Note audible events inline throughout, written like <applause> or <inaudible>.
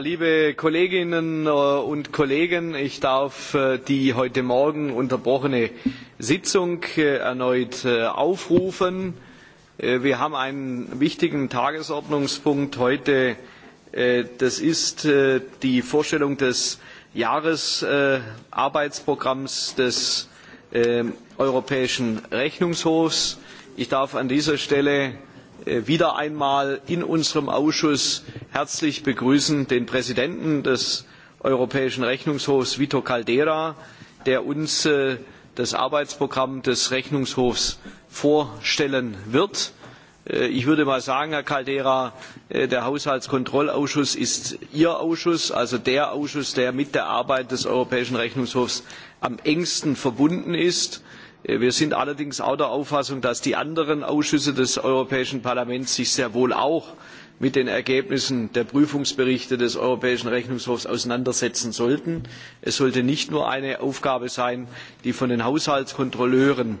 liebe Kolleginnen und Kollegen, ich darf die heute Morgen unterbrochene Sitzung erneut aufrufen. Wir haben einen wichtigen Tagesordnungspunkt heute. Das ist die Vorstellung des Jahresarbeitsprogramms des Europäischen Rechnungshofs. Ich darf an dieser Stelle wieder einmal in unserem Ausschuss herzlich begrüßen den Präsidenten des Europäischen Rechnungshofs, Vito Caldeira, der uns das Arbeitsprogramm des Rechnungshofs vorstellen wird. Ich würde mal sagen, Herr Caldeira, der Haushaltskontrollausschuss ist Ihr Ausschuss, also der Ausschuss, der mit der Arbeit des Europäischen Rechnungshofs am engsten verbunden ist. Wir sind allerdings auch der Auffassung, dass die anderen Ausschüsse des Europäischen Parlaments sich sehr wohl auch mit den Ergebnissen der Prüfungsberichte des Europäischen Rechnungshofs auseinandersetzen sollten. Es sollte nicht nur eine Aufgabe sein, die von den Haushaltskontrolleuren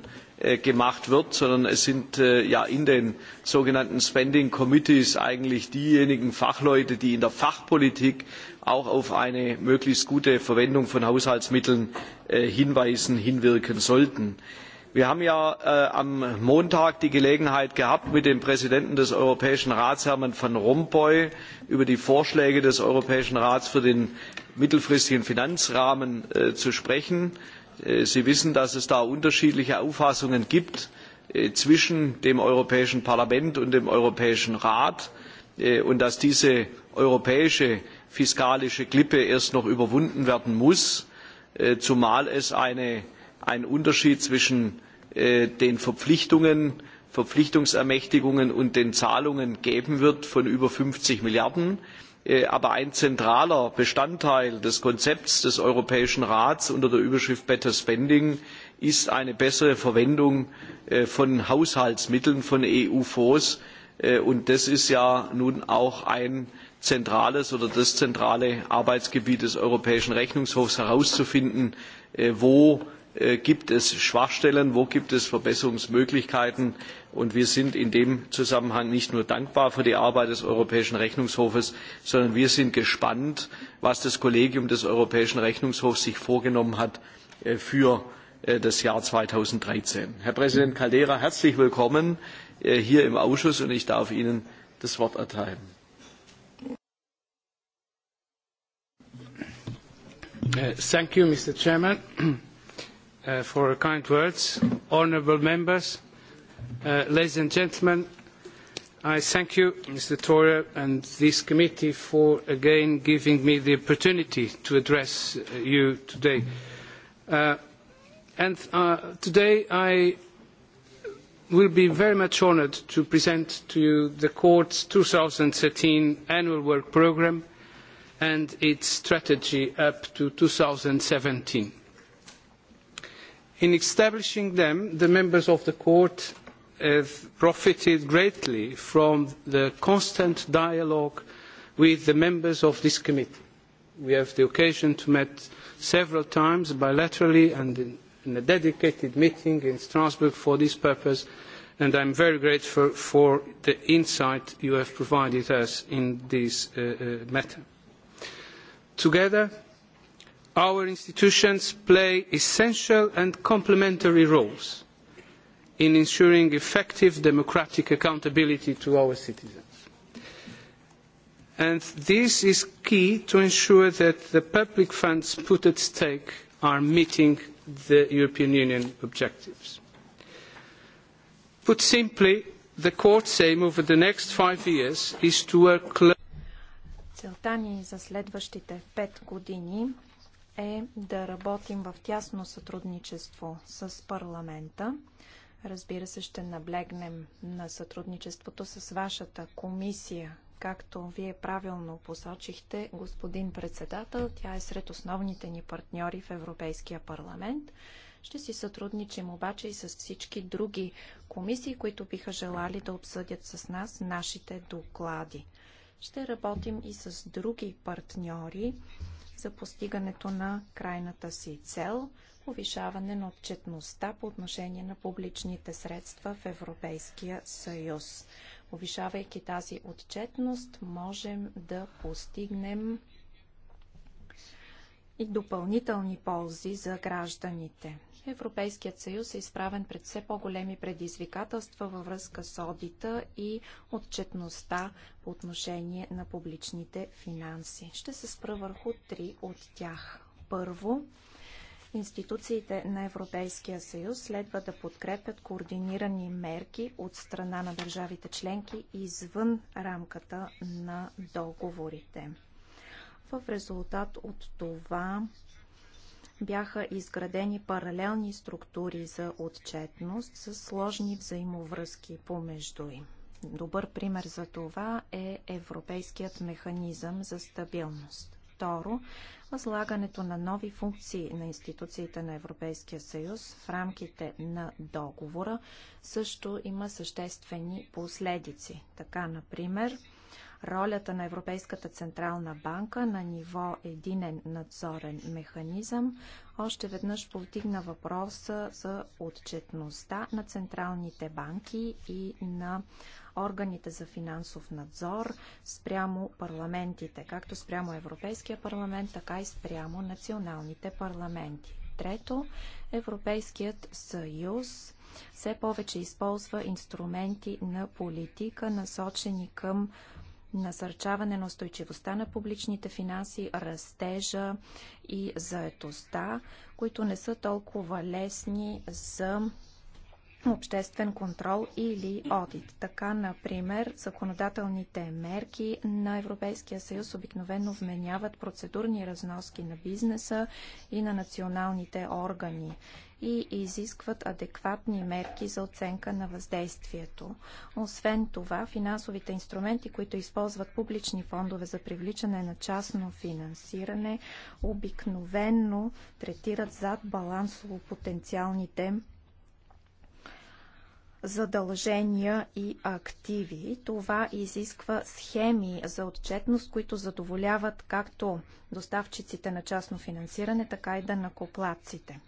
gemacht wird, sondern es sind ja in den sogenannten Spending Committees eigentlich diejenigen Fachleute, die in der Fachpolitik auch auf eine möglichst gute Verwendung von Haushaltsmitteln hinweisen, hinwirken sollten. Wir haben ja am Montag die Gelegenheit gehabt, mit dem Präsidenten des Europäischen Rats, Hermann Van Rompuy, über die Vorschläge des Europäischen Rats für den mittelfristigen Finanzrahmen zu sprechen. Sie wissen, dass es da unterschiedliche Auffassungen gibt zwischen dem Europäischen Parlament und dem Europäischen Rat und dass diese europäische fiskalische Klippe erst noch überwunden werden muss, zumal es einen Unterschied zwischen den Verpflichtungen, Verpflichtungsermächtigungen und den Zahlungen geben wird von über fünfzig Milliarden. Aber ein zentraler Bestandteil des Konzepts des Europäischen Rats unter der Überschrift Better Spending ist eine bessere Verwendung von Haushaltsmitteln, von EU-Fonds. Und das ist ja nun auch ein zentrales oder das zentrale Arbeitsgebiet des Europäischen Rechnungshofs herauszufinden, wo gibt es Schwachstellen, wo gibt es Verbesserungsmöglichkeiten. Und wir sind in dem Zusammenhang nicht nur dankbar für die Arbeit des Europäischen Rechnungshofs, sondern wir sind gespannt, was das Kollegium des Europäischen Rechnungshofs sich vorgenommen hat für das Jahr 2013. Herr Präsident Caldera, herzlich willkommen hier im Ausschuss und ich darf Ihnen das Wort erteilen. Thank you, Mr. President for your kind words. Honourable members, ladies and gentlemen, I thank you, Mr. theurer and this committee for again giving me the opportunity to address you today. today I will be very much honoured to present to you the Court's thirteen Annual Work Programme and its strategy up to seventeen. In establishing them, the members of the court have profited greatly from the constant dialogue with the members of this committee. We have the occasion to meet several times bilaterally and in, a dedicated meeting in Strasbourg for this purpose, and I am very grateful for the insight you have provided us in this matter. Together, our institutions play essential and complementary roles in ensuring effective democratic accountability to our citizens. And this is key to ensure that the public funds put at stake are meeting the European Union objectives. Put simply, the Court's aim over the next five years is to work closely Целта ни за следващите 5 години е да работим в тясно сътрудничество с парламента. Разбира се, ще наблегнем на сътрудничеството с вашата комисия. Както вие правилно посочихте, господин председател, тя е сред основните ни партньори в Европейския парламент. Ще си сътрудничим обаче и с всички други комисии, които биха желали да обсъдят с нас нашите доклади ще работим и с други партньори за постигането на крайната си цел повишаване на отчетността по отношение на публичните средства в Европейския съюз. Повишавайки тази отчетност, можем да постигнем и допълнителни ползи за гражданите. Европейският съюз е изправен пред все по-големи предизвикателства във връзка с одита и отчетността по отношение на публичните финанси. Ще се спра върху три от тях. Първо, институциите на Европейския съюз следва да подкрепят координирани мерки от страна на държавите членки извън рамката на договорите. В резултат от това бяха изградени паралелни структури за отчетност с сложни взаимовръзки помежду им. Добър пример за това е Европейският механизъм за стабилност. Второ, възлагането на нови функции на институциите на Европейския съюз в рамките на договора също има съществени последици. Така, например, ролята на Европейската централна банка на ниво единен надзорен механизъм, още веднъж повдигна въпроса за отчетността на централните банки и на органите за финансов надзор спрямо парламентите, както спрямо Европейския парламент, така и спрямо националните парламенти. Трето, Европейският съюз все повече използва инструменти на политика, насочени към насърчаване на устойчивостта на публичните финанси, растежа и заетостта, които не са толкова лесни за обществен контрол или одит. Така, например, законодателните мерки на Европейския съюз обикновено вменяват процедурни разноски на бизнеса и на националните органи и изискват адекватни мерки за оценка на въздействието. Освен това, финансовите инструменти, които използват публични фондове за привличане на частно финансиране, обикновенно третират зад балансово потенциалните задължения и активи. Това изисква схеми за отчетност, които задоволяват както доставчиците на частно финансиране, така и да накоплаците.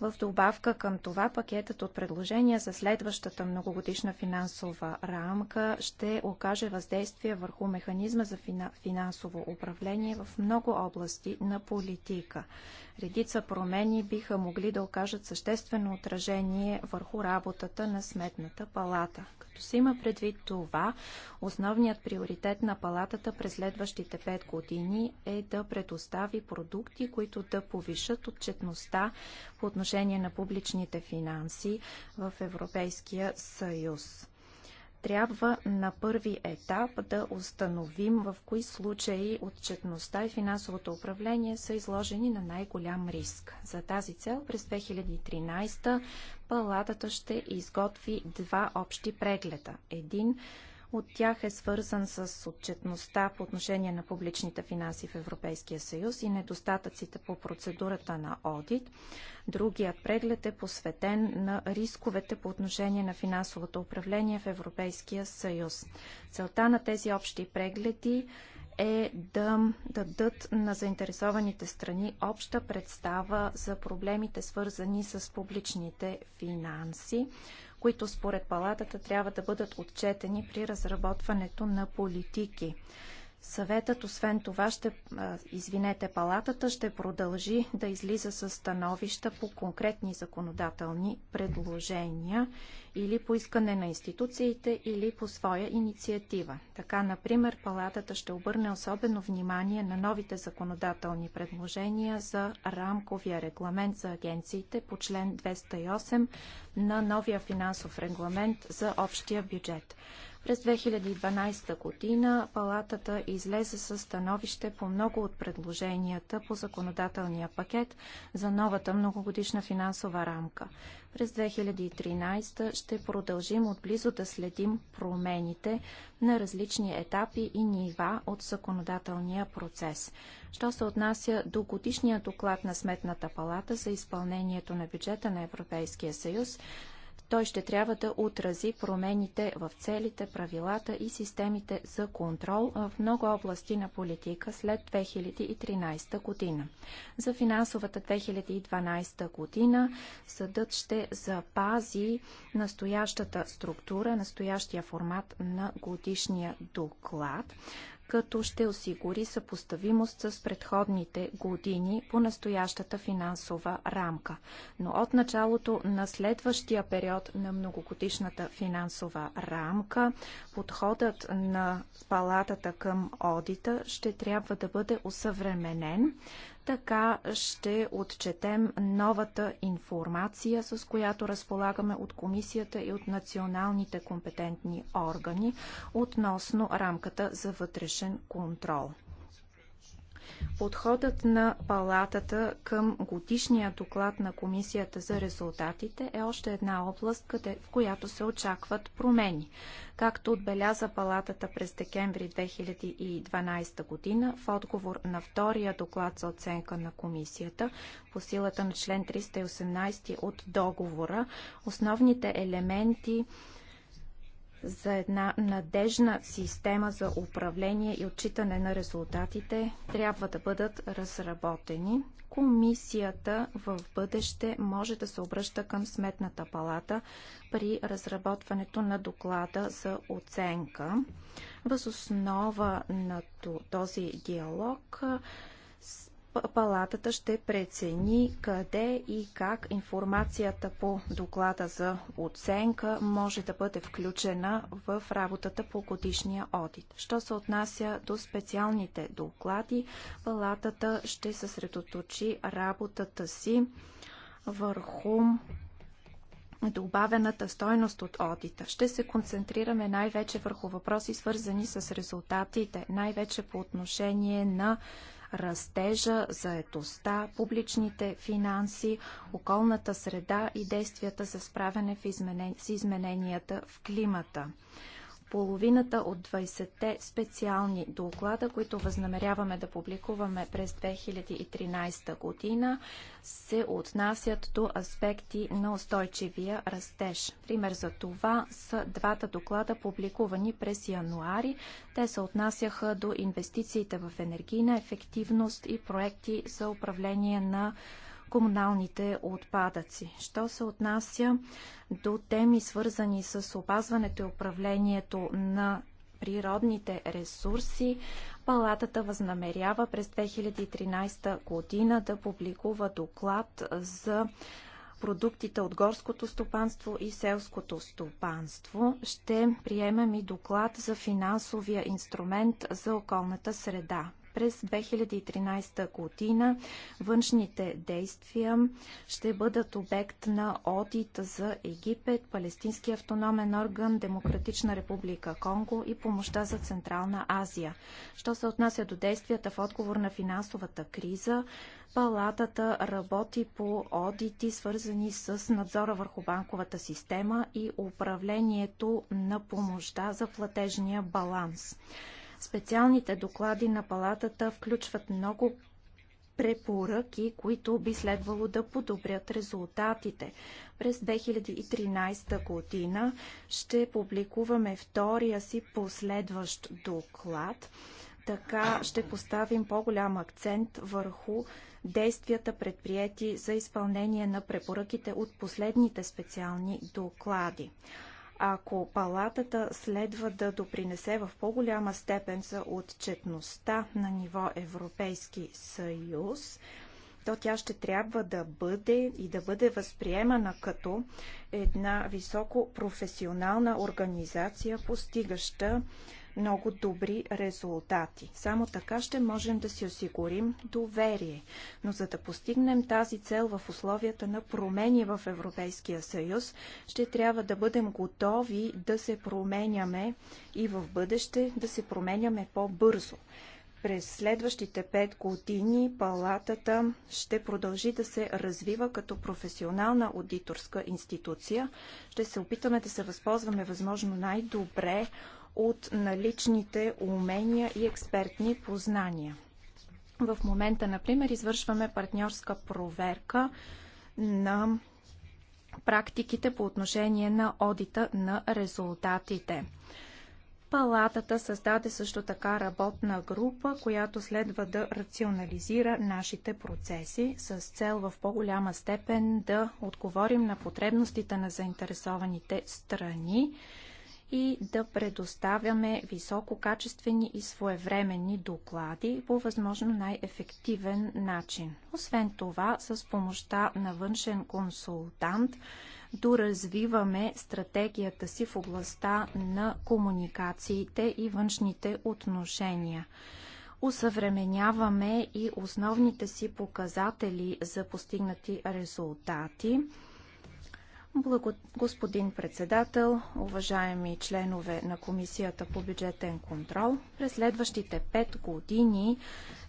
В добавка към това пакетът от предложения за следващата многогодишна финансова рамка ще окаже въздействие върху механизма за финансово управление в много области на политика. Редица промени биха могли да окажат съществено отражение върху работата на Сметната палата. Като се има предвид това, основният приоритет на палатата през следващите 5 години е да предостави продукти, които да повишат отчетността по отношение отношение на публичните финанси в Европейския съюз. Трябва на първи етап да установим в кои случаи отчетността и финансовото управление са изложени на най-голям риск. За тази цел през 2013 палатата ще изготви два общи прегледа. Един от тях е свързан с отчетността по отношение на публичните финанси в Европейския съюз и недостатъците по процедурата на одит. Другият преглед е посветен на рисковете по отношение на финансовото управление в Европейския съюз. Целта на тези общи прегледи е да дадат на заинтересованите страни обща представа за проблемите, свързани с публичните финанси, които според палатата трябва да бъдат отчетени при разработването на политики. Съветът, освен това, ще, извинете, палатата ще продължи да излиза с становища по конкретни законодателни предложения или по искане на институциите или по своя инициатива. Така, например, палатата ще обърне особено внимание на новите законодателни предложения за рамковия регламент за агенциите по член 208 на новия финансов регламент за общия бюджет. През 2012 година палатата излезе със становище по много от предложенията по законодателния пакет за новата многогодишна финансова рамка. През 2013 ще продължим отблизо да следим промените на различни етапи и нива от законодателния процес. Що се отнася до годишния доклад на Сметната палата за изпълнението на бюджета на Европейския съюз, той ще трябва да отрази промените в целите, правилата и системите за контрол в много области на политика след 2013 година. За финансовата 2012 година съдът ще запази настоящата структура, настоящия формат на годишния доклад като ще осигури съпоставимост с предходните години по настоящата финансова рамка. Но от началото на следващия период на многогодишната финансова рамка, подходът на палатата към одита ще трябва да бъде усъвременен, така ще отчетем новата информация, с която разполагаме от комисията и от националните компетентни органи относно рамката за вътрешен контрол. Подходът на палатата към годишния доклад на Комисията за резултатите е още една област, къде, в която се очакват промени. Както отбеляза палатата през декември 2012 година, в отговор на втория доклад за оценка на Комисията, по силата на член 318 от договора, основните елементи за една надежна система за управление и отчитане на резултатите трябва да бъдат разработени. Комисията в бъдеще може да се обръща към Сметната палата при разработването на доклада за оценка. Възоснова основа на този диалог палатата ще прецени къде и как информацията по доклада за оценка може да бъде включена в работата по годишния одит. Що се отнася до специалните доклади, палатата ще съсредоточи работата си върху добавената стойност от одита. Ще се концентрираме най-вече върху въпроси, свързани с резултатите, най-вече по отношение на растежа, заетостта, публичните финанси, околната среда и действията за справяне в изменен... с измененията в климата половината от 20-те специални доклада, които възнамеряваме да публикуваме през 2013 година, се отнасят до аспекти на устойчивия растеж. Пример за това са двата доклада, публикувани през януари. Те се отнасяха до инвестициите в енергийна ефективност и проекти за управление на комуналните отпадъци. Що се отнася до теми свързани с опазването и управлението на природните ресурси, Палатата възнамерява през 2013 година да публикува доклад за продуктите от горското стопанство и селското стопанство. Ще приемем и доклад за финансовия инструмент за околната среда. През 2013 година външните действия ще бъдат обект на одит за Египет, Палестинския автономен орган, Демократична република Конго и помощта за Централна Азия. Що се отнася до действията в отговор на финансовата криза, Палатата работи по одити, свързани с надзора върху банковата система и управлението на помощта за платежния баланс. Специалните доклади на палатата включват много препоръки, които би следвало да подобрят резултатите. През 2013 година ще публикуваме втория си последващ доклад. Така ще поставим по-голям акцент върху действията предприяти за изпълнение на препоръките от последните специални доклади. Ако палатата следва да допринесе в по-голяма степен за отчетността на ниво Европейски съюз, то тя ще трябва да бъде и да бъде възприемана като една високо професионална организация, постигаща много добри резултати. Само така ще можем да си осигурим доверие. Но за да постигнем тази цел в условията на промени в Европейския съюз, ще трябва да бъдем готови да се променяме и в бъдеще да се променяме по-бързо. През следващите пет години палатата ще продължи да се развива като професионална аудиторска институция. Ще се опитаме да се възползваме възможно най-добре от наличните умения и експертни познания. В момента, например, извършваме партньорска проверка на практиките по отношение на одита на резултатите. Палатата създаде също така работна група, която следва да рационализира нашите процеси с цел в по-голяма степен да отговорим на потребностите на заинтересованите страни и да предоставяме висококачествени и своевременни доклади по възможно най-ефективен начин. Освен това, с помощта на външен консултант, доразвиваме стратегията си в областта на комуникациите и външните отношения. Усъвременяваме и основните си показатели за постигнати резултати. Господин председател, уважаеми членове на Комисията по бюджетен контрол, през следващите пет години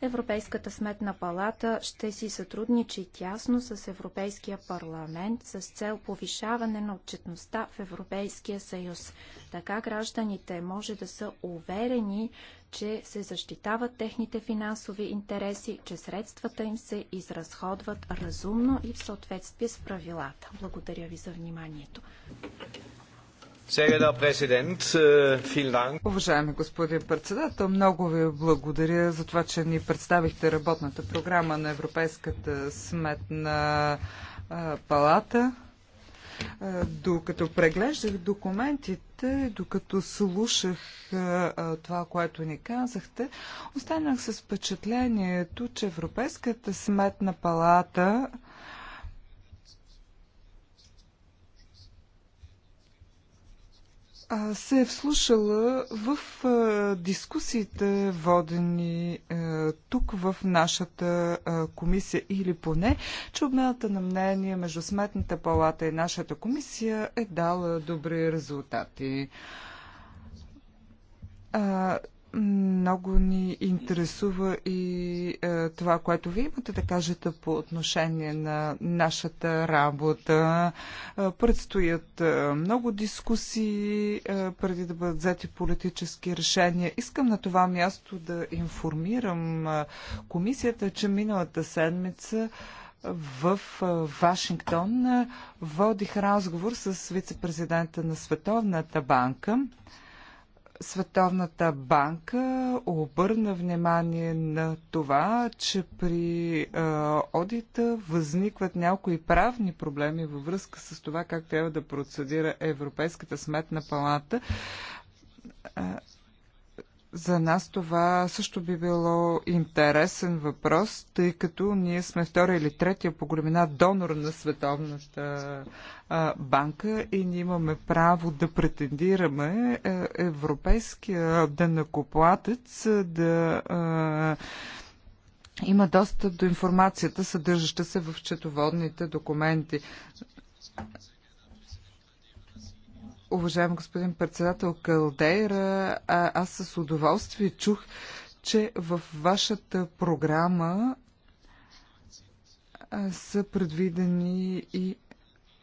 Европейската сметна палата ще си сътрудничи тясно с Европейския парламент с цел повишаване на отчетността в Европейския съюз. Така гражданите може да са уверени, че се защитават техните финансови интереси, че средствата им се изразходват разумно и в съответствие с правилата. Благодаря ви за вниманието. Äh, Уважаеми господин председател, много ви благодаря за това, че ни представихте работната програма на Европейската сметна палата. Докато преглеждах документите, докато слушах това, което ни казахте, останах с впечатлението, че Европейската сметна палата а, се е вслушала в а, дискусиите, водени а, тук в нашата а, комисия, или поне, че обмената на мнение между Сметната палата и нашата комисия е дала добри резултати. А, много ни интересува и е, това, което вие имате да кажете по отношение на нашата работа. Е, предстоят е, много дискусии е, преди да бъдат взети политически решения. Искам на това място да информирам е, комисията, че миналата седмица в е, Вашингтон е, водих разговор с вице-президента на Световната банка. Световната банка обърна внимание на това, че при е, одита възникват някои правни проблеми във връзка с това как трябва да процедира Европейската сметна палата. За нас това също би било интересен въпрос, тъй като ние сме втора или третия по големина донор на Световната банка и ние имаме право да претендираме е, европейския дънакоплатец да има достъп до информацията, съдържаща се в четоводните документи. Уважаем господин председател Калдейра, аз с удоволствие чух, че в вашата програма са предвидени и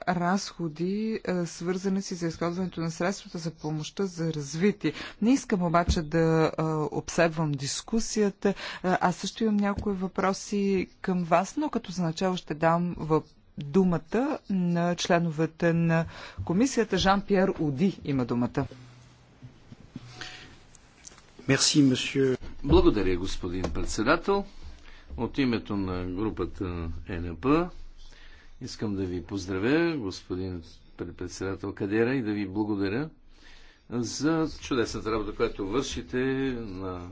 разходи, свързани си за изразходването на средствата за помощта за развитие. Не искам обаче да обсебвам дискусията. Аз също имам някои въпроси към вас, но като за начало ще дам въп думата на членовете на комисията. Жан-Пьер Уди има думата. Мерси, Благодаря, господин председател. От името на групата НП искам да ви поздравя, господин председател Кадера, и да ви благодаря за чудесната работа, която вършите на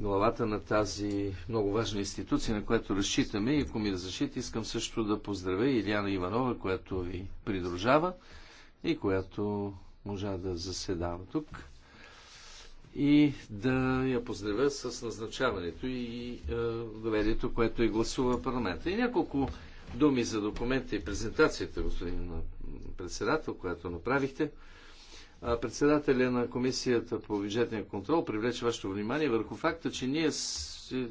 главата на тази много важна институция, на която разчитаме. И ако ми разрешите, искам също да поздравя Ильяна Иванова, която ви придружава и която можа да заседава тук. И да я поздравя с назначаването и е, доверието, което и е гласува парламента. И няколко думи за документа и презентацията, господин председател, която направихте председателя на Комисията по бюджетния контрол привлече вашето внимание върху факта, че ние е,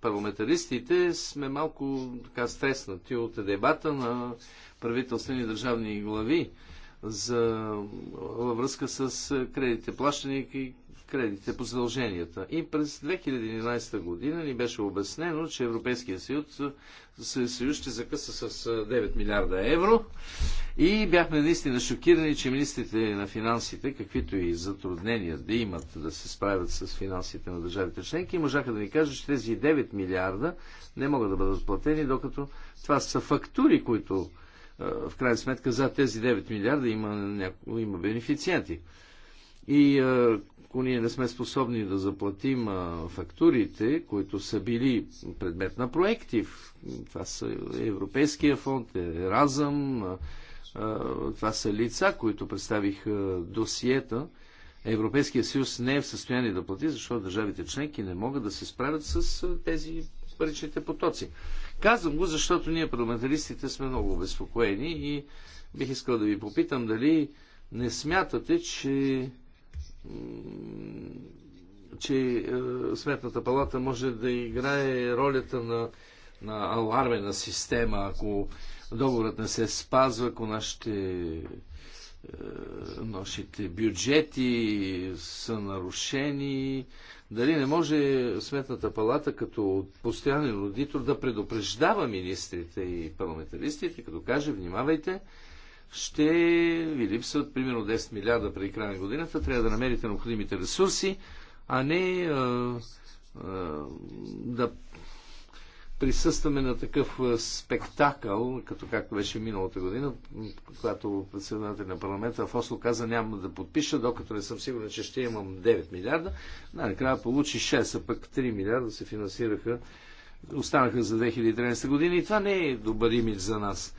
парламентаристите сме малко така стреснати от дебата на правителствени държавни глави за, във връзка с е, кредитите, плащани и кредитите по задълженията. И през 2011 година ни беше обяснено, че Европейския съюз, съюз ще закъса с 9 милиарда евро и бяхме наистина шокирани, че министрите на финансите, каквито и затруднения да имат да се справят с финансите на държавите членки, можаха да ни кажат, че тези 9 милиарда не могат да бъдат платени, докато това са фактури, които в крайна сметка за тези 9 милиарда има, няко... има бенефициенти. И е, ако ние не сме способни да заплатим е, фактурите, които са били предмет на проекти, това са Европейския фонд, Еразъм, е, това са лица, които представих досиета, Европейския съюз не е в състояние да плати, защото държавите членки не могат да се справят с тези паричните потоци. Казвам го, защото ние парламентаристите сме много обезпокоени и бих искал да ви попитам дали не смятате, че че е, Сметната палата може да играе ролята на, на алармена система, ако договорът не се спазва, ако нашите, е, нашите бюджети са нарушени. Дали не може Сметната палата като постоянен родитор да предупреждава министрите и парламентаристите, като каже, внимавайте, ще ви липсват примерно 10 милиарда преди края на годината. Трябва да намерите необходимите ресурси, а не а, а, да присъстваме на такъв спектакъл, като както беше миналата година, когато председател на парламента в Осло каза няма да подпиша, докато не съм сигурен, че ще имам 9 милиарда. Най-накрая получи 6, а пък 3 милиарда се финансираха, останаха за 2013 година и това не е добър имидж за нас.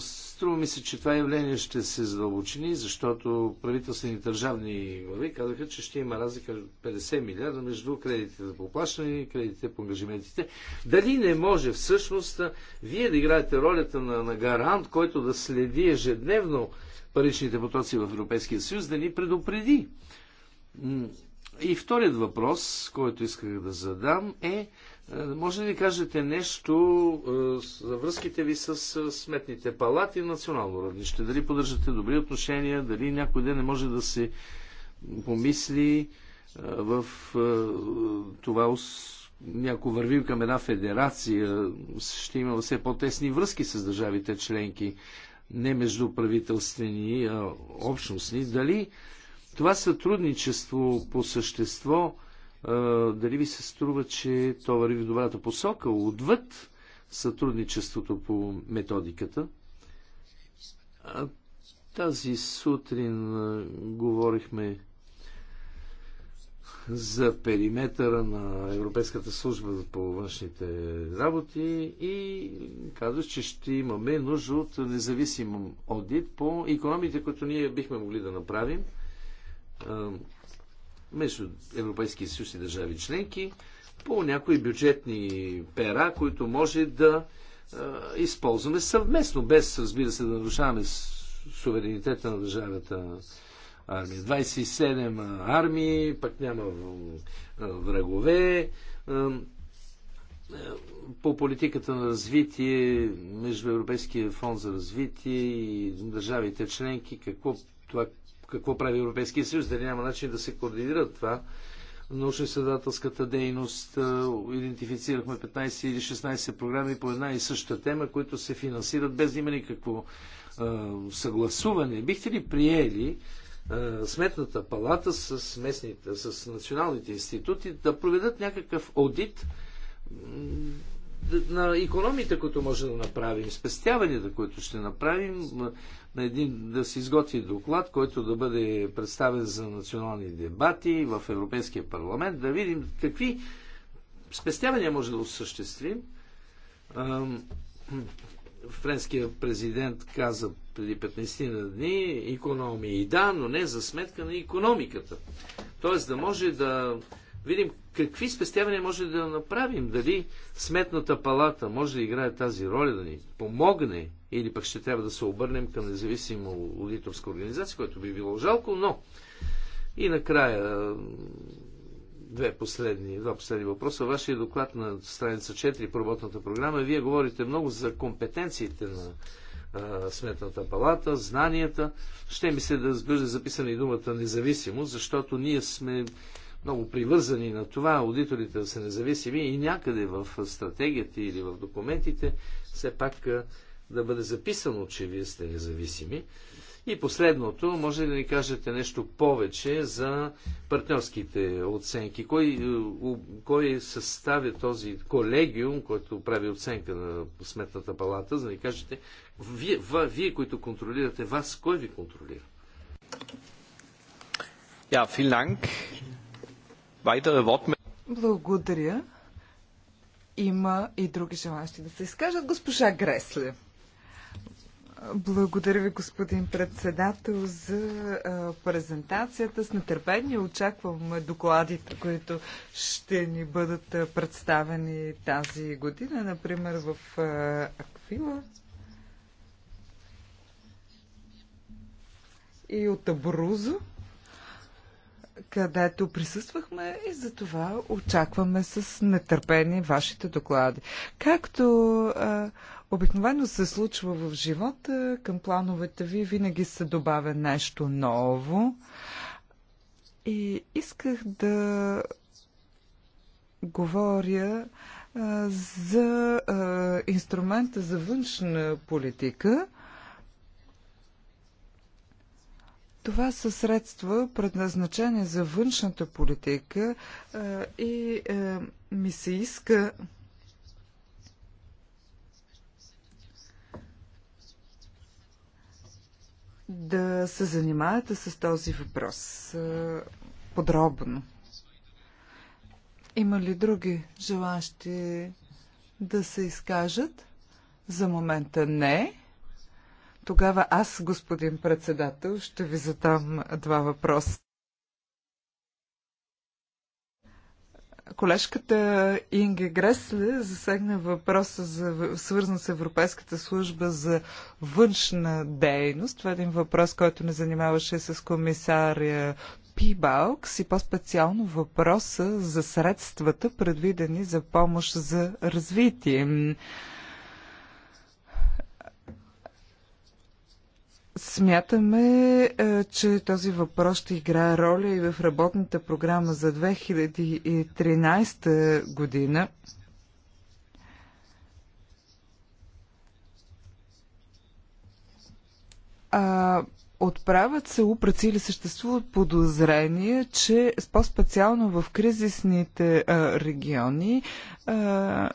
Струва ми се, че това явление ще се задълбочини, защото правителствени държавни глави казаха, че ще има разлика 50 милиарда между кредитите за поплащане и кредитите по ангажиментите. Дали не може всъщност вие да играете ролята на, на гарант, който да следи ежедневно паричните потоци в Европейския съюз, да ни предупреди и вторият въпрос, който исках да задам е, е може ли да кажете нещо е, за връзките ви с е, сметните палати на национално равнище? Дали поддържате добри отношения, дали някой ден не може да се помисли в това някой вървим към една федерация, ще има все по-тесни връзки с държавите членки, не между правителствени, а общностни. Дали това сътрудничество по същество, дали ви се струва, че то върви в добрата посока, отвъд сътрудничеството по методиката? Тази сутрин говорихме за периметъра на Европейската служба по външните работи и казва, че ще имаме нужда от независим одит по економите, които ние бихме могли да направим – между Европейския съюз и държави членки по някои бюджетни пера, които може да използваме съвместно, без, разбира се, да нарушаваме суверенитета на държавата армия. 27 армии, пък няма врагове. По политиката на развитие, между Европейския фонд за развитие и държавите членки, какво това какво прави Европейския съюз, дали няма начин да се координира това. Научно-изследователската дейност идентифицирахме 15 или 16 програми по една и съща тема, които се финансират без да има никакво съгласуване. Бихте ли приели Сметната палата с, местните, с националните институти да проведат някакъв аудит на економията, които може да направим, спестяванията, които ще направим, на един, да се изготви доклад, който да бъде представен за национални дебати в Европейския парламент, да видим какви спестявания може да осъществим. Френския президент каза преди 15 на дни економии. Да, но не за сметка на економиката. Тоест да може да видим какви спестявания може да направим? Дали сметната палата може да играе тази роля, да ни помогне или пък ще трябва да се обърнем към независима аудиторска организация, което би било жалко, но и накрая две последни, два последни въпроса. Вашия доклад на страница 4 по работната програма, вие говорите много за компетенциите на Сметната палата, знанията. Ще ми се да бъде записана и думата независимост, защото ние сме много привързани на това, аудиторите да са независими и някъде в стратегията или в документите все пак да бъде записано, че вие сте независими. И последното, може ли да ни кажете нещо повече за партньорските оценки? Кой, е, кой съставя този колегиум, който прави оценка на Сметната палата, за да ни кажете, вие, ва, вие които контролирате вас, кой ви контролира? Ja, vielen Dank. Благодаря. Има и други желащи да се изкажат. Госпожа Гресле. Благодаря ви, господин председател, за презентацията. С нетърпение очаквам докладите, които ще ни бъдат представени тази година, например в Аквила и от Абрузо където присъствахме и за това очакваме с нетърпение вашите доклади. Както а, обикновено се случва в живота, към плановете ви винаги се добавя нещо ново. И исках да говоря а, за а, инструмента за външна политика Това са средства, предназначени за външната политика е, и е, ми се иска да се занимаете с този въпрос е, подробно. Има ли други желащи да се изкажат? За момента не. Тогава аз, господин председател, ще ви задам два въпроса. Колежката Инге Гресле засегна въпроса, за, свързан с Европейската служба за външна дейност. Това е един въпрос, който не занимаваше с комисаря Пибалкс и по-специално въпроса за средствата, предвидени за помощ за развитие. Смятаме, е, че този въпрос ще играе роля и в работната програма за 2013 година. А, Отправят се упреци или съществуват подозрения, че по-специално в кризисните а, региони а,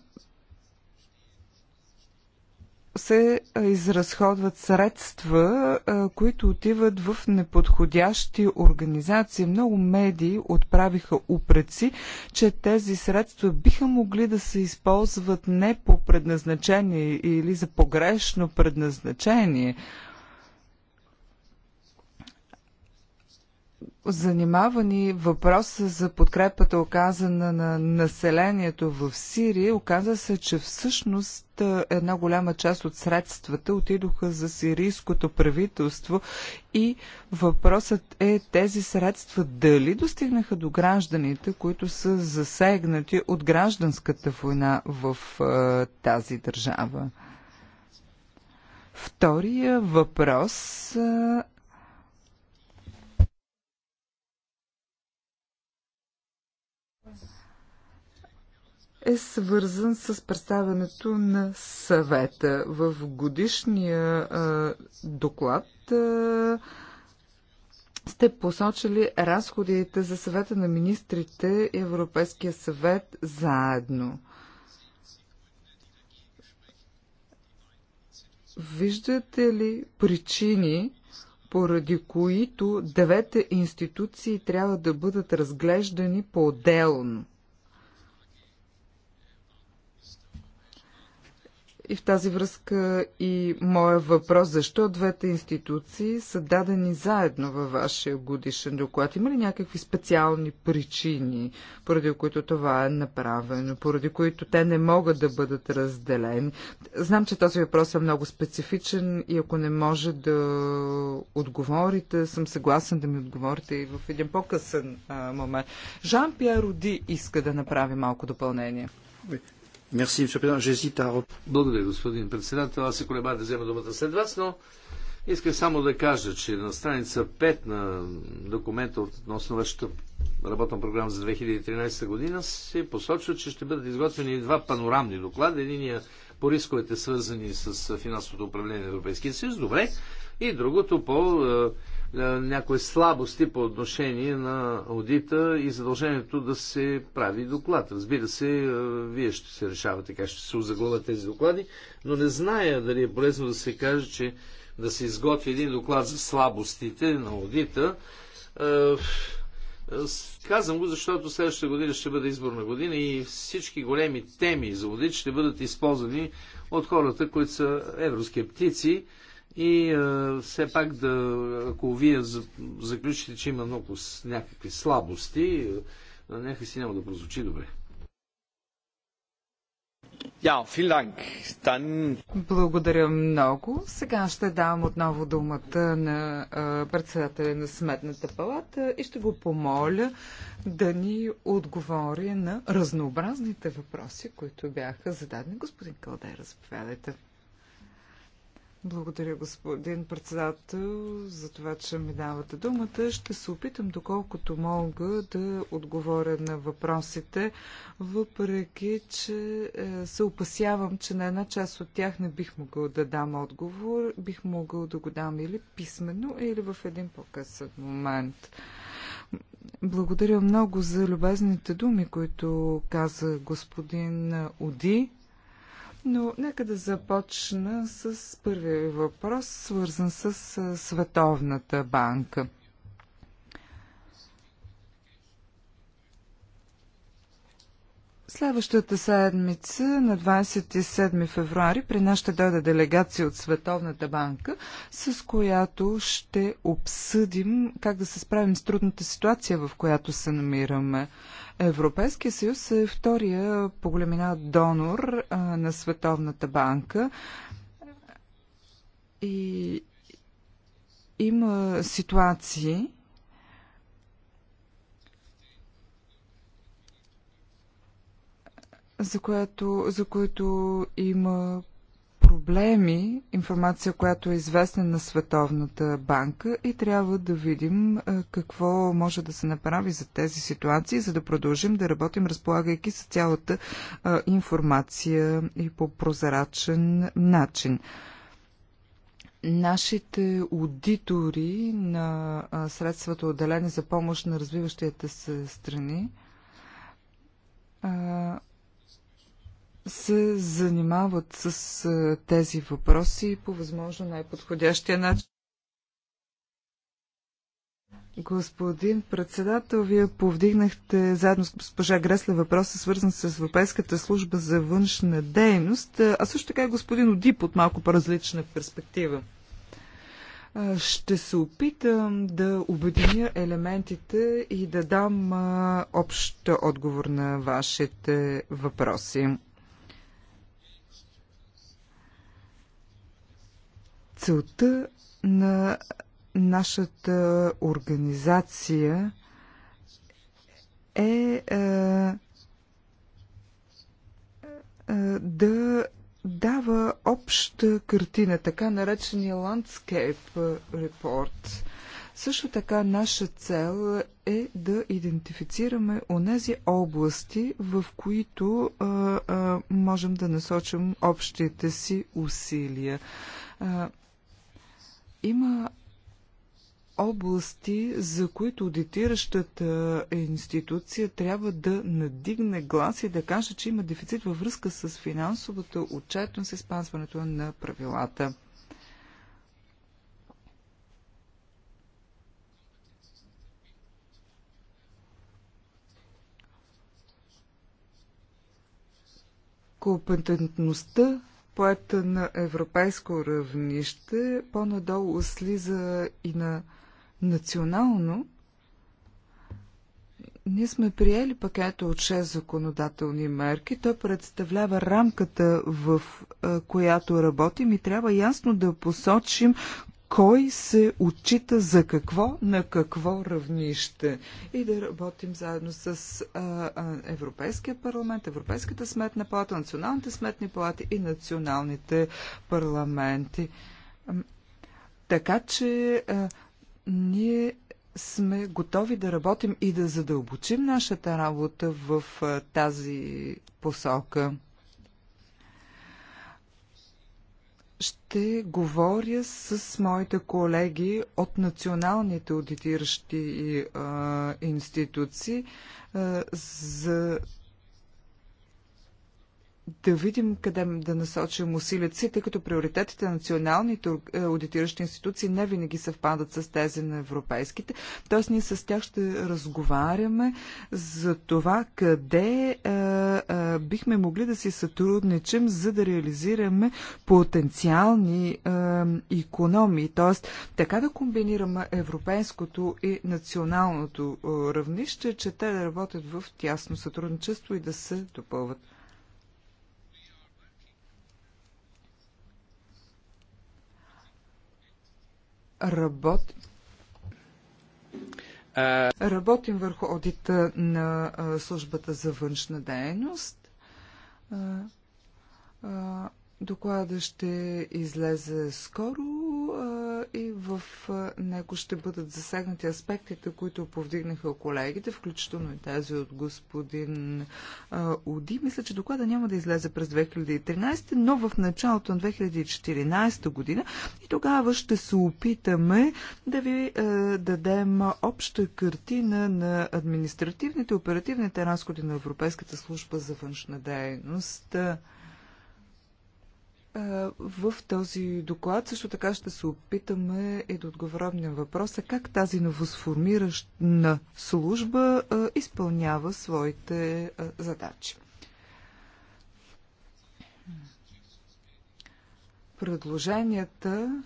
се изразходват средства, които отиват в неподходящи организации. Много медии отправиха упреци, че тези средства биха могли да се използват не по предназначение или за погрешно предназначение. занимава ни въпроса за подкрепата оказана на населението в Сирия. Оказа се, че всъщност е, една голяма част от средствата отидоха за сирийското правителство и въпросът е тези средства дали достигнаха до гражданите, които са засегнати от гражданската война в е, тази държава. Втория въпрос е, е свързан с представянето на съвета. В годишния а, доклад а, сте посочили разходите за съвета на министрите и Европейския съвет заедно. Виждате ли причини, поради които девете институции трябва да бъдат разглеждани по-отделно? И в тази връзка и моя въпрос, защо двете институции са дадени заедно във вашия годишен доклад? Има ли някакви специални причини, поради които това е направено, поради които те не могат да бъдат разделени? Знам, че този въпрос е много специфичен и ако не може да отговорите, съм съгласен да ми отговорите и в един по-късен момент. Жан Пьер Роди иска да направи малко допълнение. Благодаря, господин председател. Аз се колебая да взема думата след вас, но исках само да кажа, че на страница 5 на документа относно вашата работна програма за 2013 година се посочва, че ще бъдат изготвени два панорамни доклада. Единия по рисковете, свързани с финансовото управление на Европейския съюз, добре, и другото по е, е, някои слабости по отношение на аудита и задължението да се прави доклад. Разбира се, е, вие ще се решавате как ще се озаглават тези доклади, но не зная дали е полезно да се каже, че да се изготви един доклад за слабостите на аудита. Е, казвам го, защото следващата година ще бъде изборна година и всички големи теми за аудит ще бъдат използвани от хората, които са евроскептици и а, все пак, да, ако вие заключите, че има много някакви слабости, някак си няма да прозвучи добре. Dank. Dann... Благодаря много. Сега ще давам отново думата на председателя на Сметната палата и ще го помоля да ни отговори на разнообразните въпроси, които бяха зададени. Господин Калдера, заповядайте. Благодаря, господин председател, за това, че ми давате думата. Ще се опитам, доколкото мога, да отговоря на въпросите, въпреки, че е, се опасявам, че на една част от тях не бих могъл да дам отговор. Бих могъл да го дам или писменно, или в един по-късен момент. Благодаря много за любезните думи, които каза господин Оди. Но нека да започна с първия въпрос, свързан с Световната банка. Следващата седмица, на 27 февруари, при нас ще дойде делегация от Световната банка, с която ще обсъдим как да се справим с трудната ситуация, в която се намираме. Европейския съюз е втория по големина донор а, на Световната банка. И има ситуации, за, което, за които има проблеми, информация, която е известна на Световната банка и трябва да видим е, какво може да се направи за тези ситуации, за да продължим да работим, разполагайки с цялата е, информация и по прозрачен начин. Нашите аудитори на е, средствата отделени за помощ на развиващите се страни се занимават с тези въпроси по възможно най-подходящия начин. Господин председател, вие повдигнахте заедно с госпожа Гресле въпроса, свързан с Европейската служба за външна дейност, а също така и господин Одип от малко по-различна перспектива. Ще се опитам да обединя елементите и да дам общ отговор на вашите въпроси. Целта на нашата организация е, е, е да дава обща картина, така наречения landscape report. Също така наша цел е да идентифицираме онези области, в които а, е, а, е, можем да насочим общите си усилия. А, е, има области, за които аудитиращата институция трябва да надигне глас и да каже, че има дефицит във връзка с финансовата отчетност и спазването на правилата. компетентността поет на европейско равнище, по-надолу слиза и на национално, ние сме приели пакета от 6 законодателни мерки. Той представлява рамката, в която работим и трябва ясно да посочим кой се отчита за какво, на какво равнище. И да работим заедно с а, а, Европейския парламент, Европейската сметна палата, националните сметни палати и националните парламенти. Така че а, ние сме готови да работим и да задълбочим нашата работа в а, тази посока. ще говоря с моите колеги от националните аудитиращи институции за да видим къде да насочим усилията си, тъй като приоритетите на националните е, аудитиращи институции не винаги съвпадат с тези на европейските. Тоест ние с тях ще разговаряме за това къде а, е, а, е, бихме могли да си сътрудничим, за да реализираме потенциални а, економии. Тоест така да комбинираме европейското и националното равнище, че те да работят в тясно сътрудничество и да се допълват. Работ... Работим върху одита на службата за външна дейност. Доклада ще излезе скоро и в него ще бъдат засегнати аспектите, които повдигнаха колегите, включително и тази от господин Уди. Мисля, че доклада няма да излезе през 2013, но в началото на 2014 година и тогава ще се опитаме да ви дадем обща картина на административните, оперативните разходи на Европейската служба за външна дейност. Е, в този доклад също така ще се опитаме и да отговорим на въпроса как тази новосформиращна служба е, изпълнява своите е, задачи. Предложенията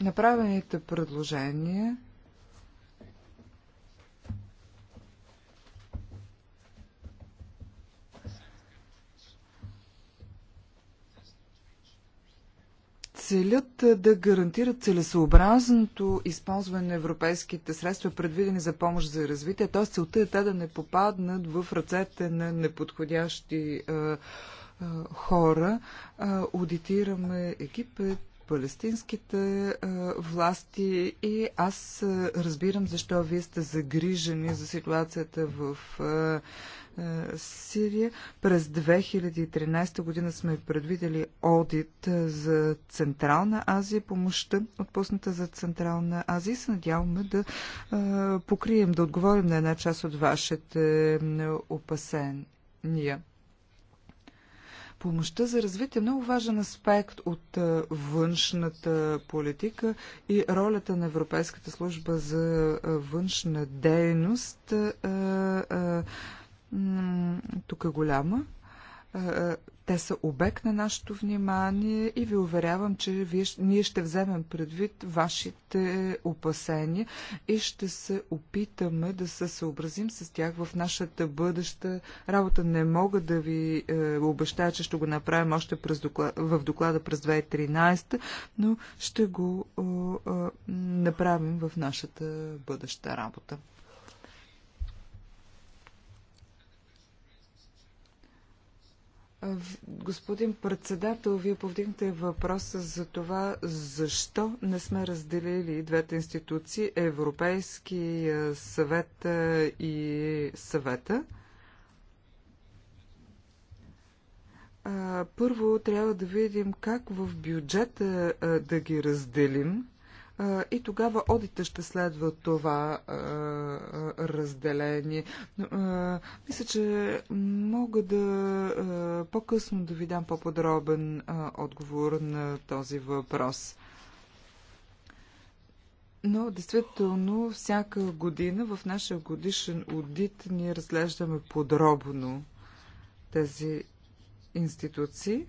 направените предложения целят е, да гарантират целесообразното използване на европейските средства, предвидени за помощ за развитие. Т.е. целта е те да не попаднат в ръцете на неподходящи е, е, хора. Аудитираме Египет, палестинските власти и аз разбирам защо вие сте загрижени за ситуацията в Сирия. През 2013 година сме предвидели одит за Централна Азия, помощта отпусната за Централна Азия и се надяваме да покрием, да отговорим на една част от вашите опасения. Помощта за развитие е много важен аспект от е, външната политика и ролята на Европейската служба за е, външна дейност е, тук е голяма. Е, е, те са обект на нашето внимание и ви уверявам, че вие, ние ще вземем предвид вашите опасения и ще се опитаме да се съобразим с тях в нашата бъдеща работа. Не мога да ви е, обещая, че ще го направим още през доклад, в доклада през 2013, но ще го е, е, направим в нашата бъдеща работа. Господин председател, вие повдигнате въпроса за това, защо не сме разделили двете институции, Европейски е, съвет е, и съвета. Първо трябва да видим как в бюджета е, да ги разделим и тогава одита ще следва това разделение. Мисля, че мога да по-късно да ви дам по-подробен отговор на този въпрос. Но, действително, всяка година в нашия годишен одит ние разглеждаме подробно тези институции.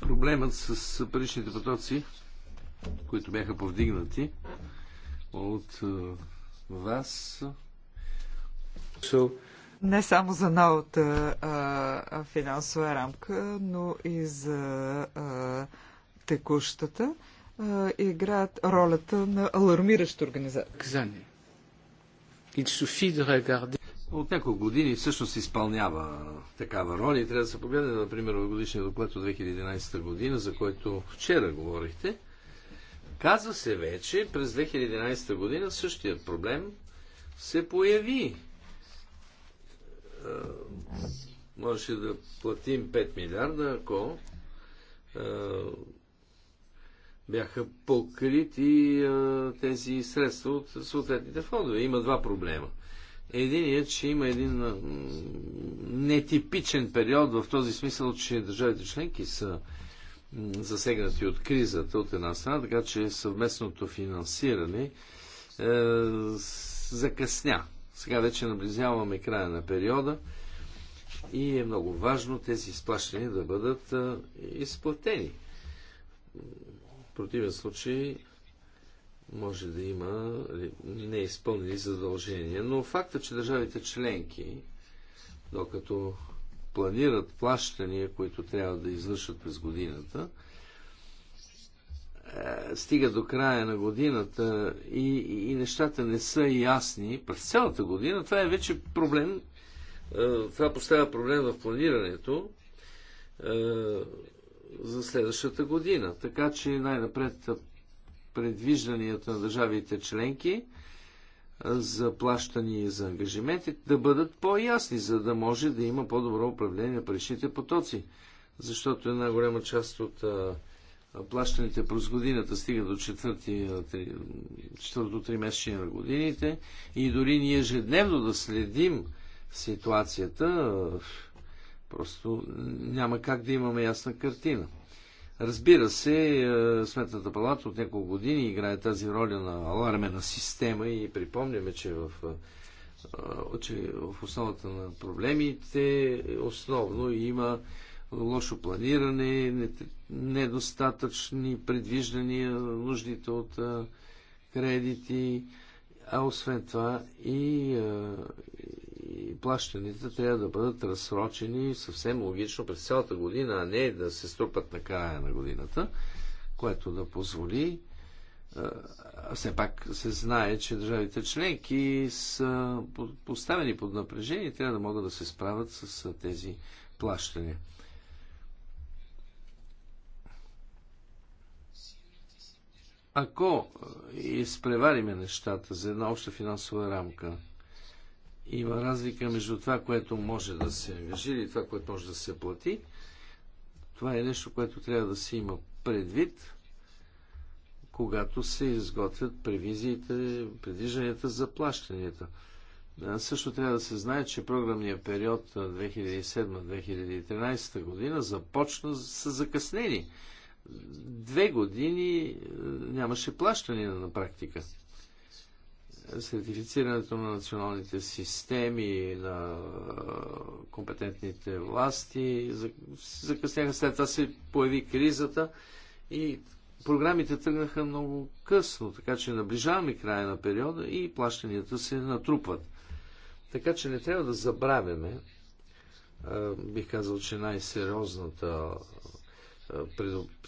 Проблемът с паричните потоци, които бяха повдигнати от е, вас. So... Не само за новата а, е, е, финансова рамка, но и за а, текущата а, играят ролята на алармираща организация от няколко години всъщност изпълнява такава роля и трябва да се погледне, например, в годишния доклад от 2011 година, за който вчера говорихте. Казва се вече, през 2011 година същия проблем се появи. Е, можеше да платим 5 милиарда, ако е, бяха покрити е, тези средства от съответните фондове. Има два проблема. Единият е, че има един нетипичен период в този смисъл, че държавите членки са засегнати от кризата от една страна, така че съвместното финансиране е, закъсня. Сега вече наблизяваме края на периода и е много важно тези изплащания да бъдат е, изплатени. В противен случай може да има неизпълнени задължения. Но факта, че държавите членки, докато планират плащания, които трябва да извършат през годината, е, стига до края на годината и, и нещата не са ясни през цялата година, това е вече проблем. Е, това поставя проблем в планирането е, за следващата година. Така че най-напред предвижданията на държавите членки за плащания и за ангажименти да бъдат по-ясни, за да може да има по-добро управление на паричните потоци. Защото една голяма част от плащаните през годината стига до четвърто три тримесечие на годините и дори ние ежедневно да следим ситуацията, просто няма как да имаме ясна картина. Разбира се, е, Сметната палата от няколко години играе тази роля на алармена система и припомняме, че в, е, е, че в основата на проблемите основно има лошо планиране, недостатъчни предвиждания, нуждите от кредити, а освен това и, и плащаните трябва да бъдат разсрочени съвсем логично през цялата година, а не да се струпат на края на годината, което да позволи все пак се знае, че държавите членки са поставени под напрежение и трябва да могат да се справят с тези плащания. Ако изпревариме нещата за една обща финансова рамка, има разлика между това, което може да се ангажира и това, което може да се плати. Това е нещо, което трябва да се има предвид, когато се изготвят превизиите, предвижданията за плащанията. Също трябва да се знае, че програмния период 2007-2013 година започна с закъснени. Две години е, нямаше плащане на практика сертифицирането на националните системи, на компетентните власти. Закъсняха след това се появи кризата и програмите тръгнаха много късно, така че наближаваме края на периода и плащанията се натрупват. Така че не трябва да забравяме, бих казал, че най-сериозната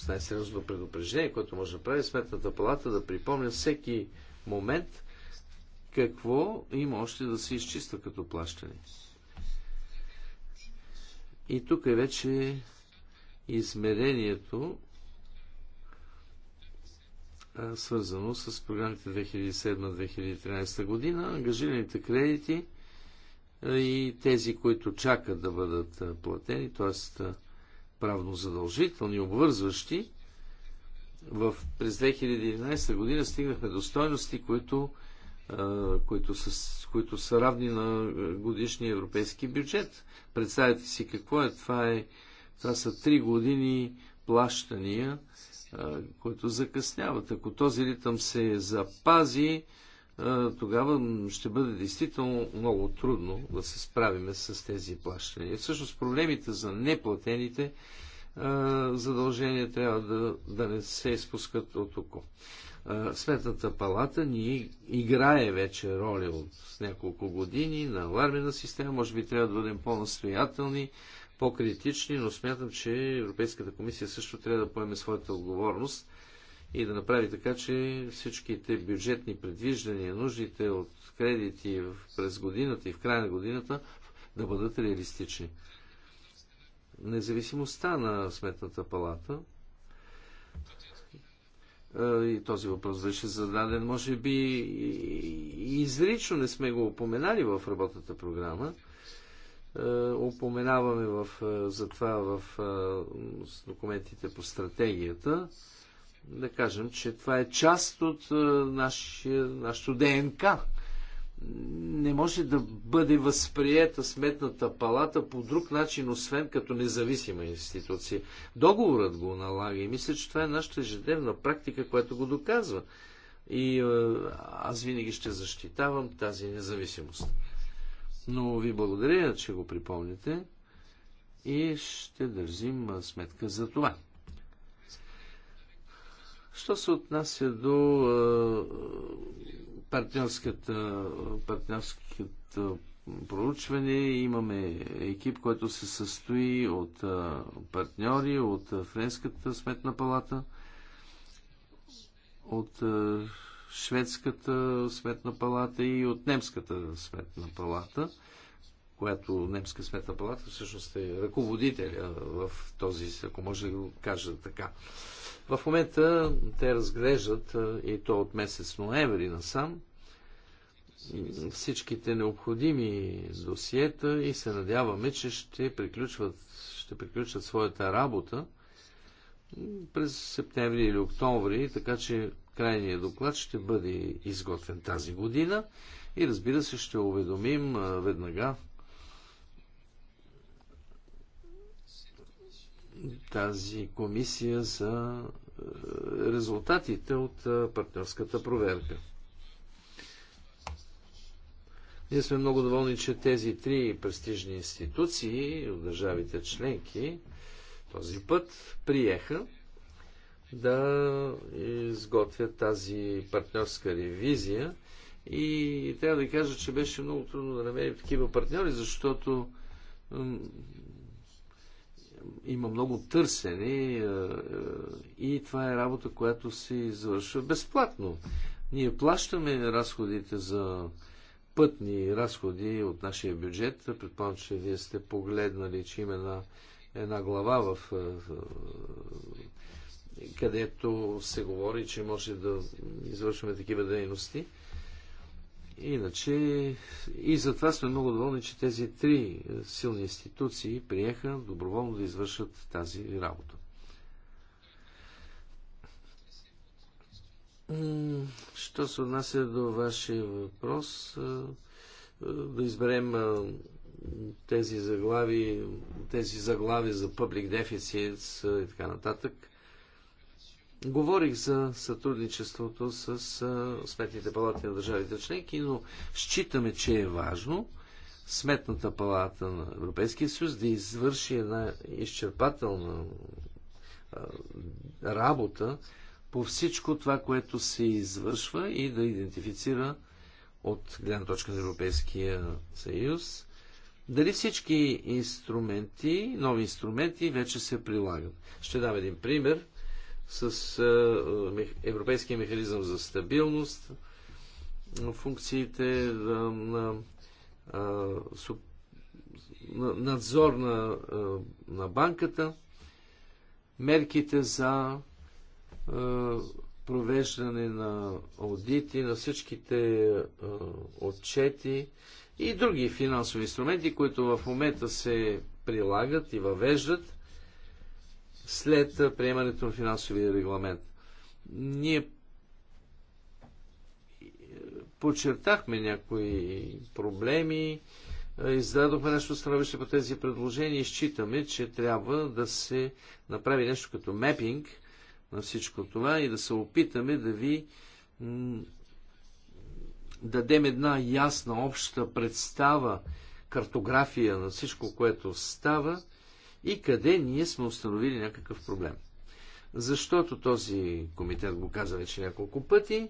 най-сериозното предупреждение, което може да прави Сметната палата, да припомня всеки момент, какво има още да се изчиства като плащане. И тук е вече измерението свързано с програмите 2007-2013 година, ангажираните кредити и тези, които чакат да бъдат платени, т.е. правно задължителни, обвързващи, в, през 2011 година стигнахме до стойности, които които са, които са равни на годишния европейски бюджет. Представете си какво е. Това, е, това са три години плащания, които закъсняват. Ако този ритъм се запази, тогава ще бъде действително много трудно да се справиме с тези плащания. Всъщност проблемите за неплатените задължения трябва да, да не се изпускат от око. Сметната палата ни играе вече роли от няколко години на алармена система. Може би трябва да бъдем по-настоятелни, по-критични, но смятам, че Европейската комисия също трябва да поеме своята отговорност и да направи така, че всичките бюджетни предвиждания, нуждите от кредити през годината и в края на годината да бъдат реалистични. Независимостта на Сметната палата и този въпрос беше зададен, може би и изрично не сме го упоменали в работната програма. Опоменаваме в, за това в документите по стратегията. Да кажем, че това е част от нашия, нашото ДНК не може да бъде възприета сметната палата по друг начин, освен като независима институция. Договорът го налага и мисля, че това е нашата ежедневна практика, която го доказва. И е, аз винаги ще защитавам тази независимост. Но ви благодаря, че го припомните и ще държим е, сметка за това. Що се отнася до партньорската, партньорската проучване, имаме екип, който се състои от партньори, от Френската сметна палата, от Шведската сметна палата и от Немската сметна палата – която немска сметна палата всъщност е ръководителя в този, ако може да го кажа така. В момента те разглеждат и то от месец ноември насам всичките необходими досиета и се надяваме, че ще приключват, ще приключат своята работа през септември или октомври, така че крайният доклад ще бъде изготвен тази година и разбира се ще уведомим веднага тази комисия за е, резултатите от е, партньорската проверка. Ние сме много доволни, че тези три престижни институции от държавите членки този път приеха да изготвят тази партньорска ревизия и трябва да кажа, че беше много трудно да намерим такива партньори, защото има много търсене е, е, и това е работа, която се извършва безплатно. Ние плащаме разходите за пътни разходи от нашия бюджет. Предполагам, че вие сте погледнали, че има една, една глава в където се говори, че може да извършваме такива дейности. Иначе и затова сме много доволни, че тези три е, силни институции приеха доброволно да извършат тази работа. Що се отнася до вашия въпрос, е, е, да изберем тези заглави, тези заглави за public deficits и така нататък, Говорих за сътрудничеството с сметните палати на държавите членки, но считаме, че е важно Сметната палата на Европейския съюз да извърши една изчерпателна работа по всичко това, което се извършва и да идентифицира от гледна точка на Европейския съюз дали всички инструменти, нови инструменти вече се прилагат. Ще дам един пример с Европейския механизъм за стабилност, функциите на, на, на надзор на, на банката, мерките за провеждане на аудити, на всичките отчети и други финансови инструменти, които в момента се прилагат и въвеждат – след приемането на финансовия регламент. Ние е, подчертахме някои проблеми, е, издадохме нещо становище по тези предложения и считаме, че трябва да се направи нещо като мепинг на всичко това и да се опитаме да ви дадем една ясна обща представа, картография на всичко, което става и къде ние сме установили някакъв проблем. Защото този комитет го каза вече няколко пъти.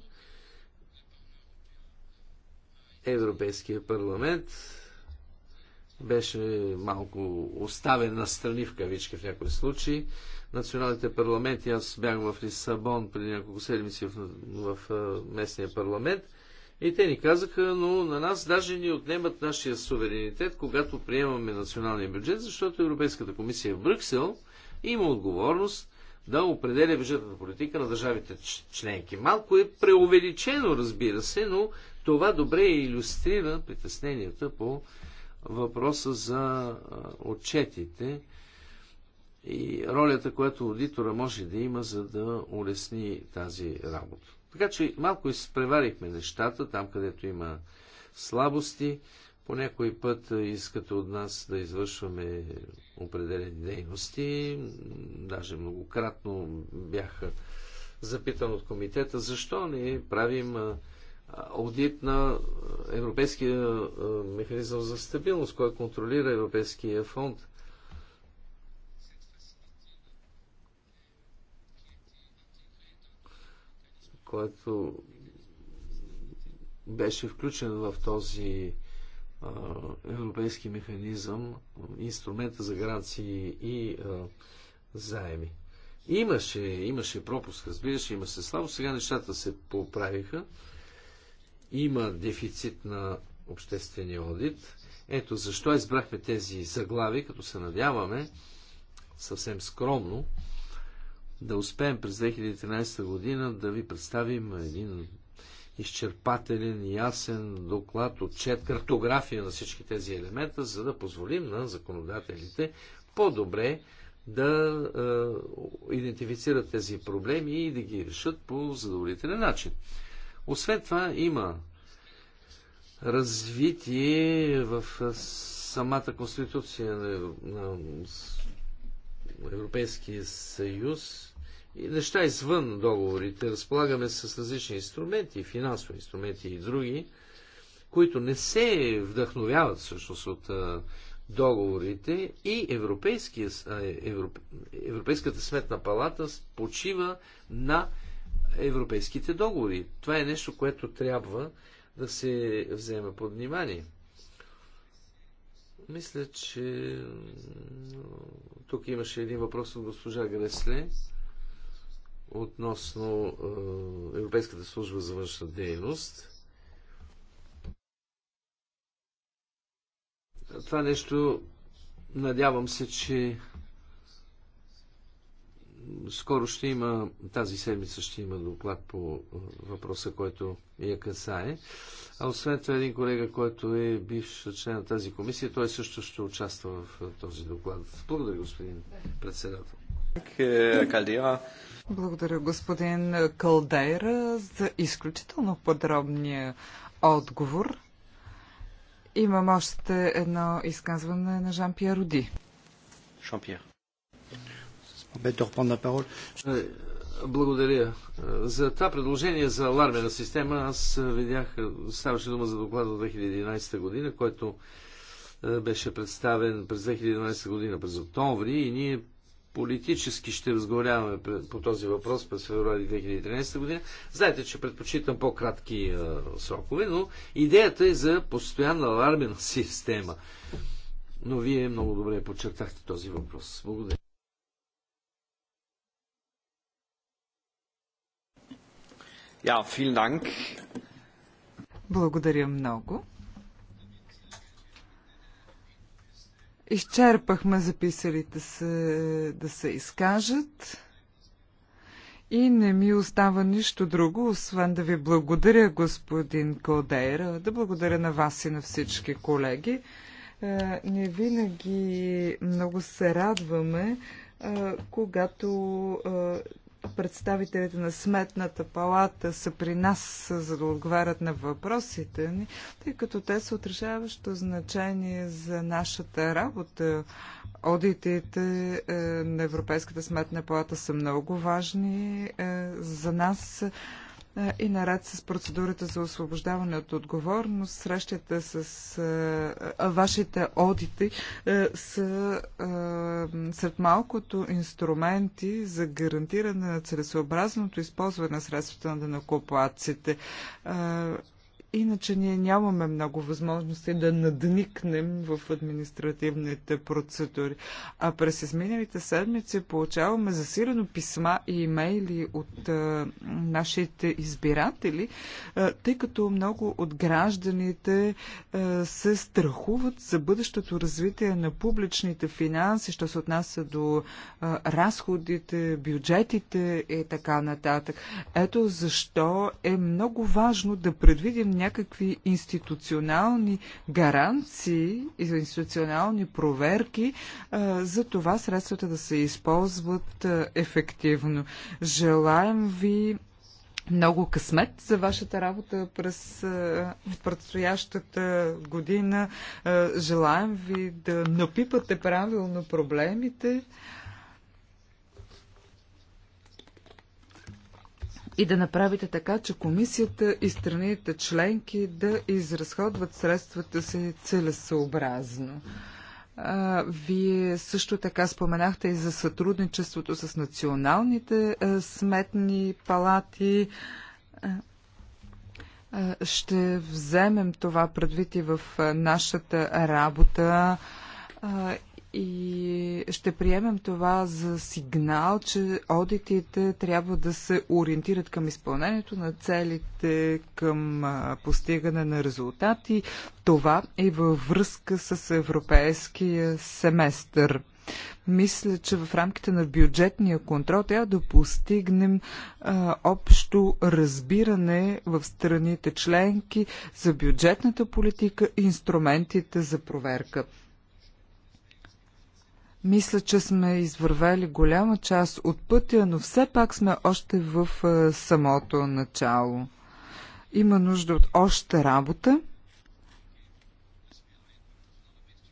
Европейския парламент беше малко оставен на страни в кавички в някои случаи. Националните парламенти, аз бях в Лисабон преди няколко седмици в, в, в местния парламент – и те ни казаха, но на нас даже ни отнемат нашия суверенитет, когато приемаме националния бюджет, защото Европейската комисия в Брюксел има отговорност да определя бюджетната политика на държавите членки. Малко е преувеличено, разбира се, но това добре иллюстрира притесненията по въпроса за отчетите и ролята, която аудитора може да има, за да улесни тази работа. Така че малко изпреварихме нещата, там където има слабости. По някой път искате от нас да извършваме определени дейности. Даже многократно бях запитан от комитета, защо не правим аудит на Европейския механизъм за стабилност, който контролира Европейския фонд. който беше включен в този европейски механизъм, инструмента за гаранции и а, заеми. Имаше, имаше пропуск, разбира се, имаше слабо. Сега нещата се поправиха. Има дефицит на обществения одит. Ето защо избрахме тези заглави, като се надяваме съвсем скромно, да успеем през 2013 година да ви представим един изчерпателен, ясен доклад, отчет, картография на всички тези елемента, за да позволим на законодателите по-добре да е, идентифицират тези проблеми и да ги решат по задоволителен начин. Освен това има развитие в самата конституция на, на Европейския съюз и неща извън договорите. Разполагаме с различни инструменти, финансови инструменти и други, които не се вдъхновяват всъщност от договорите и Европейския, Европ... Европейската сметна палата почива на европейските договори. Това е нещо, което трябва да се вземе под внимание. Мисля, че тук имаше един въпрос от госпожа Гресле относно е, Европейската служба за външна дейност. Това нещо, надявам се, че скоро ще има, тази седмица ще има доклад по въпроса, който я касае. А освен това един колега, който е бивш член на тази комисия, той също ще участва в този доклад. Благодаря, господин председател. Благодаря, господин Калдейра, за изключително подробния отговор. Имам още едно изказване на Жан-Пьер Роди. Жан-Пьер. Е, благодаря. Е, за това предложение за алармена система аз видях, е, ставаше дума за доклада от 2011 година, който беше представен през 2011 година, през октомври и ние политически ще разговаряваме по този въпрос през февруари 2013 година. Знаете, че предпочитам по-кратки срокове, но идеята е за постоянна алармена <laughs> система. Но вие много добре подчертахте този въпрос. Благодаря. Ja, vielen Dank. Благодаря много. Изчерпахме записалите се да се изкажат. И не ми остава нищо друго, освен да ви благодаря, господин Калдейра, да благодаря на вас и на всички колеги. Е, не винаги много се радваме, е, когато е, представителите на Сметната палата са при нас, за да отговарят на въпросите ни, тъй като те са отрешаващо значение за нашата работа. Одитите е, на Европейската сметна палата са много важни е, за нас и наред с процедурата за освобождаване от отговорност, срещите с а, вашите одити а, са а, сред малкото инструменти за гарантиране на целесообразното използване на средствата на денокоплаците. Иначе ние нямаме много възможности да надникнем в административните процедури. А през изминалите седмици получаваме засилено писма и имейли от а, нашите избиратели, а, тъй като много от гражданите а, се страхуват за бъдещото развитие на публичните финанси, що се отнася до а, разходите, бюджетите и така нататък. Ето защо е много важно да предвидим някакви институционални гаранции и институционални проверки а, за това средствата да се използват а, ефективно. Желаем ви много късмет за вашата работа през предстоящата година. Желаем ви да напипате правилно проблемите. и да направите така, че комисията и страните членки да изразходват средствата си целесообразно. Вие също така споменахте и за сътрудничеството с националните сметни палати. Ще вземем това предвид и в нашата работа и ще приемем това за сигнал, че одитите трябва да се ориентират към изпълнението на целите, към постигане на резултати. Това е във връзка с европейския семестър. Мисля, че в рамките на бюджетния контрол трябва да постигнем а, общо разбиране в страните членки за бюджетната политика и инструментите за проверка. Мисля, че сме извървели голяма част от пътя, но все пак сме още в самото начало. Има нужда от още работа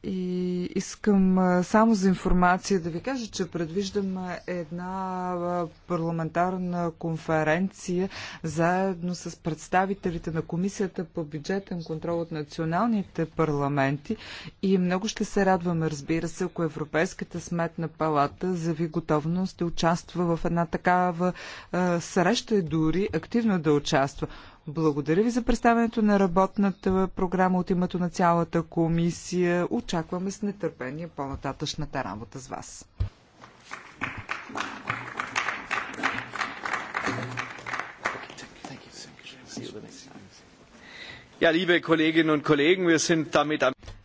и искам само за информация да ви кажа, че предвиждам една парламентарна конференция заедно с представителите на Комисията по бюджетен контрол от националните парламенти и много ще се радваме, разбира се, ако Европейската сметна палата ви готовност да участва в една такава среща и дори активно да участва. Благодаря ви за представянето на работната програма от името на цялата комисия. Очакваме с нетърпение по-нататъчната работа с вас.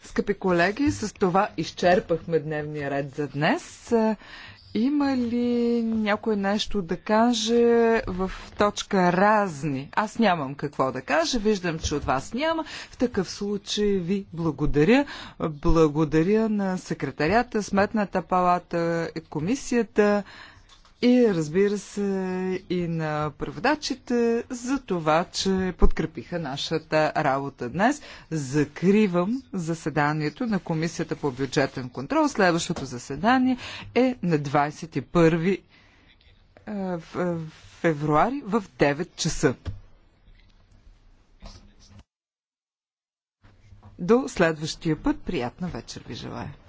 Скъпи колеги, с това изчерпахме дневния ред за днес. Има ли някой нещо да каже в точка разни? Аз нямам какво да кажа, виждам, че от вас няма. В такъв случай ви благодаря. Благодаря на секретарята, Сметната палата, комисията и разбира се и на преводачите за това, че подкрепиха нашата работа днес. Закривам заседанието на Комисията по бюджетен контрол. Следващото заседание е на 21 е, е, февруари в 9 часа. До следващия път. Приятна вечер ви желая.